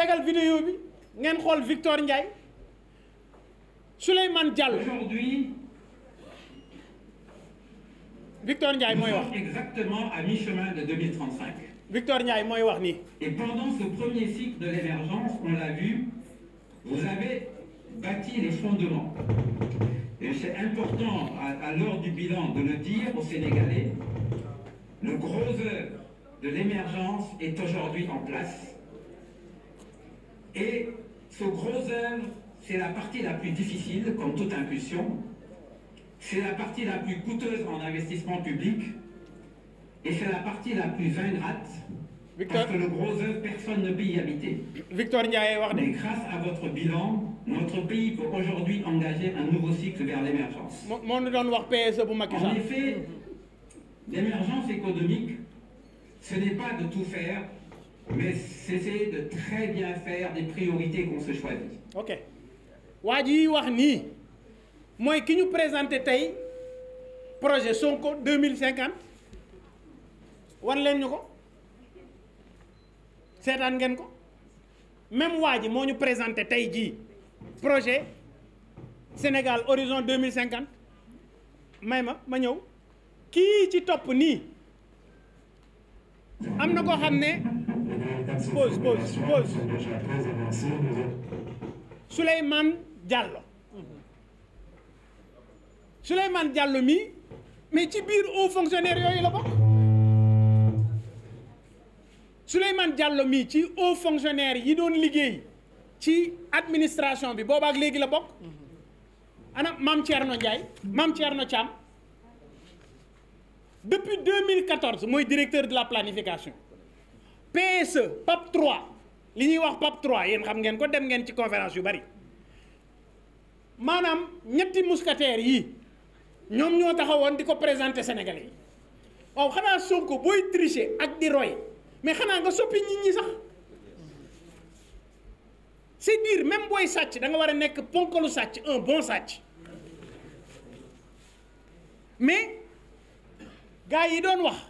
aujourd'hui Victor exactement à mi-chemin de 2035 Victor et pendant ce premier cycle de l'émergence on l'a vu vous avez bâti les fondements et c'est important à l'heure du bilan de le dire aux Sénégalais le gros œuvre de l'émergence est aujourd'hui en place et ce gros œuvre, c'est la partie la plus difficile, comme toute impulsion. C'est la partie la plus coûteuse en investissement public. Et c'est la partie la plus ingrate. Parce que le gros œuvre, personne ne peut y habiter. Victor Mais grâce à votre bilan, notre pays peut aujourd'hui engager un nouveau cycle vers l'émergence. En effet, l'émergence économique, ce n'est pas de tout faire, mais c'est de très bien faire des priorités qu'on se choisit. ok Wadi Wani, wax qui nous ki ñu projet Sonko 2050 wan leen ñu Vous même wadi moi présente ñu présenté projet Sénégal horizon 2050 Même ma Qui ñëw top ci qui est pause pause pause Souleymane Diallo Souleymane Diallo mi mais ci biir haut fonctionnaire yooyu la bokk Souleymane Diallo mii ci haut fonctionnaire yi doon liggéey ci administration bi boobaak léegi la ana mam Thierno Ndiaye mam Thierno Cham. depuis 2014 mooy directeur de la planification PSE PAP 3 li ñuy wax PAP 3 yeen xam ngeen ko dem ngeen ci conférence yu bari manam ñetti mousquetaires yi ñom ñoo taxawon diko présenter sénégalais yi waaw xana Sonko boy tricher ak di roy mais xana nga soppi nit ñi sax c'est dire même boy satch da nga wara nek ponkolu satch un bon satch mais gaay yi doon wax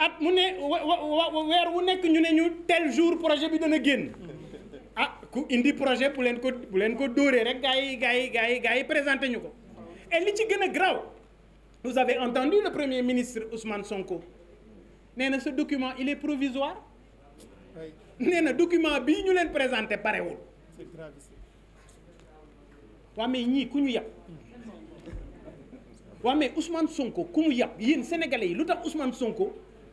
at mu ne weer wu nekk ñu ne ñu tel jour projet bi dana génn ah ku indi projet bu leen ko bu leen ko dóoree rek gars yi gars yi gars yi gars yi présenté ñu ko et li ci gën a grave vous avez entendu le premier ministre Ousmane Sonko nee na ce document il est provisoire nee na document bii ñu leen présenté parewul waa mais ñii ku ñu yàpp waa mais Ousmane Sonko ku mu yàpp yéen sénégalais yi lu tax Ousmane Sonko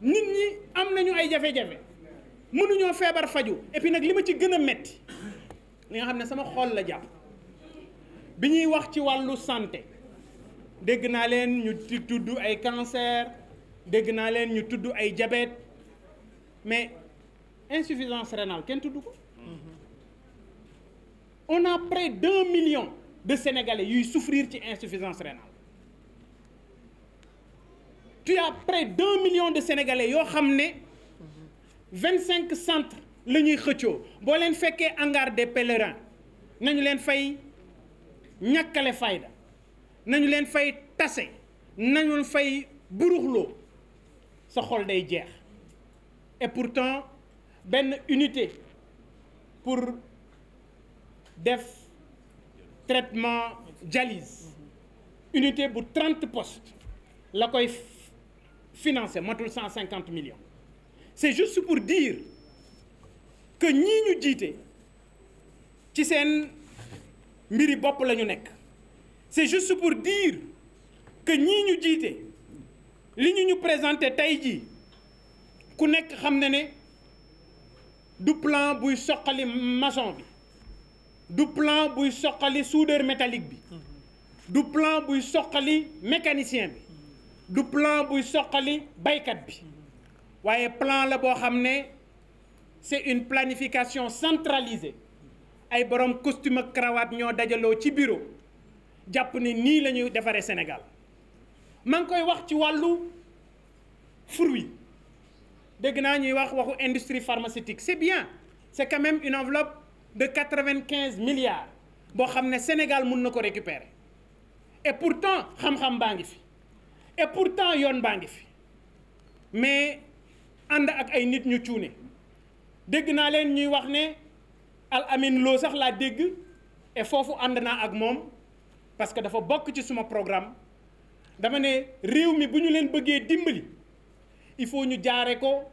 nit am des choses, et puis nous ci choses. la santé dégg ay cancer dégg des diabètes, ñu ay diabète mais insuffisance rénale on a près 2 millions de Sénégalais qui souffrent d'insuffisance rénale tu as près 2 millions de sénégalais ils ont 25 25 centres la ñuy xëccoo boo leen hangar des pèlerins des leen fay ñàkkale fait un leen fay tase nañu fay et pourtant une unité pour def traitement dialyse unité pour 30 postes la koy financé 150 millions c'est juste pour dire que nous ñu jiite ci seen mbiri bopp la nekk c'est juste pour dire que nous ñu jiite li ñu ñu présenté tey jii ku nekk xam ne du plan pour soqali maçon bi du plan pour soqali soudeur métallique bi du plan pour soqali mécanicien bi du plan buy soxali baykat bi waye plan la bo xamné c'est une planification centralisée ay borom costume ak cravate ño dajalo ci bureau Japonais ni nii de faire le Sénégal mang y koy wax ci walu fruit dégg na ñuy wax waxu industrie pharmaceutique c'est bien c'est quand même une enveloppe de 95 milliards bo xamné Sénégal ne nako ko récupérer et pourtant xam-xam baa ngi et pourtant yon bangi fi mais and ak ay nit ñu cuune dégg na leen ñuy wax ne al amin lo sax la dégg et fofu and na ak mom parce que dafa bok ci suma programme dama ne réew mi buñu ñu leen bëggee dimbali il faut ñu jaare ko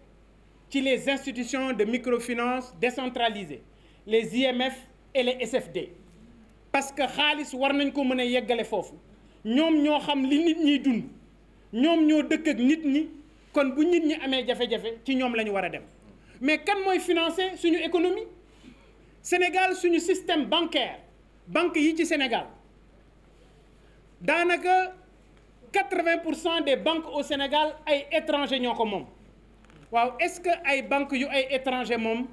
ci les institutions de microfinance décentralisées les IMF et les SFD parce que xaalis war nañ ko mëna a fofu ñom ñoom ñoo xam li nit ñi dund ñom ñoo dëkk ak nit ñi kon bu nit ñi amé jafé jafé ci ñom lañu wara dem mais kan moy financer suñu économie Sénégal suñu système bancaire banque yi ci Sénégal Dans le des banques au Sénégal ay étrangers ñoko mom est-ce que ay banques yu ay étrangers mom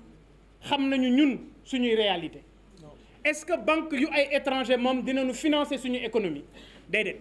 xam nañu ñun suñu réalité est-ce que banque yu ay étrangers moom nous financer suñu économie déedéet.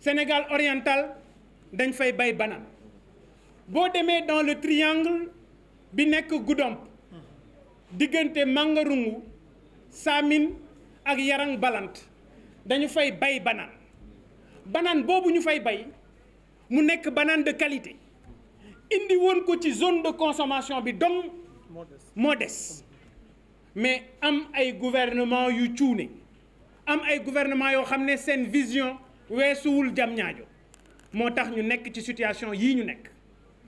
Sénégal oriental dañ fay bay banane. Bo démé dans le triangle bi nek Goudomp Mangarungu Samin ak Yarang Balant dañu fay bay banane. Banane bobu ñu fay bay mu nek banane de qualité indi won ko ci zone de consommation bi dong modeste. mais am ay gouvernement yu ciuné. am ay gouvernement yo xamné sen vision weesuwul jam ñaajo moo ñu nekk ci situation yi ñu nekk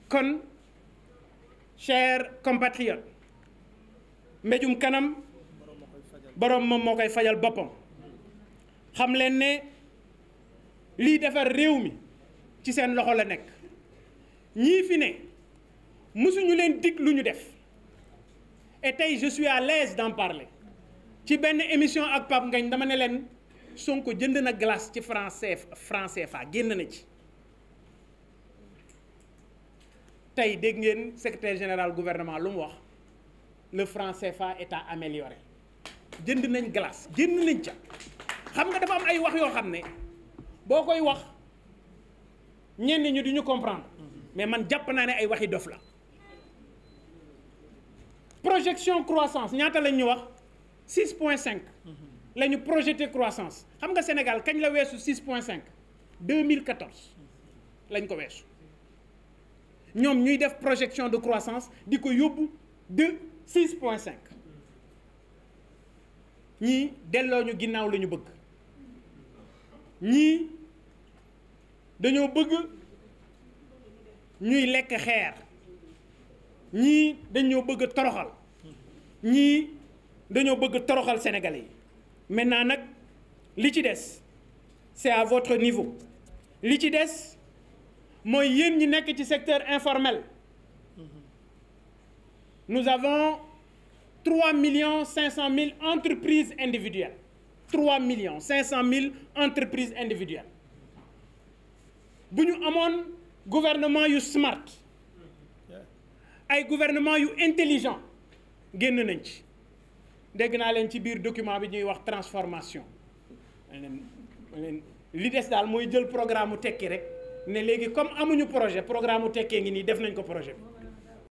kon chers compatriotes mbéjum kanam borom moom moo koy fajal bopam xam leen ne li defar réew mi ci seen loxo la nekk ñi fi ne mësuñu leen dig lu ñu def et tay je suis à l'aise d'en parler ci benn émission ak pap Ngagne dama ne leen Sonko jënd na glace ci français français fa na ci secrétaire général gouvernement lu wax le français CFA est à améliorer jënd nañ glace ca xam nga dafa am ay wax ne wax ñu comprendre mais man jàpp ay waxi dof la projection croissance ñaata lañ ñu la croissance. projeté croissance xam nga Sénégal quand il a 6.5 2014 lañ ko Nous Ñom ñuy def projection de croissance diko yobbu de 6.5. point 5 ñu ginnaaw la ñu bëgg Ñi dañoo bëgg ñuy lek xeer Ñi dañoo bëgg toroxal Ñi dañoo bëgg toroxal sénégalais maintenant l'ITIDES, c'est à votre niveau li moyen des secteur informel nous avons 3 millions 000 entreprises individuelles 3 millions 000 entreprises individuelles Nous avons un gouvernement yu smart Un gouvernement intelligent un dégg naa leen ci biir document bi ñuy wax transformation li des daal mooy jël programme mu tekki rek ne léegi comme amuñu projet programme mu tekkee ngi nii def nañ ko projet bi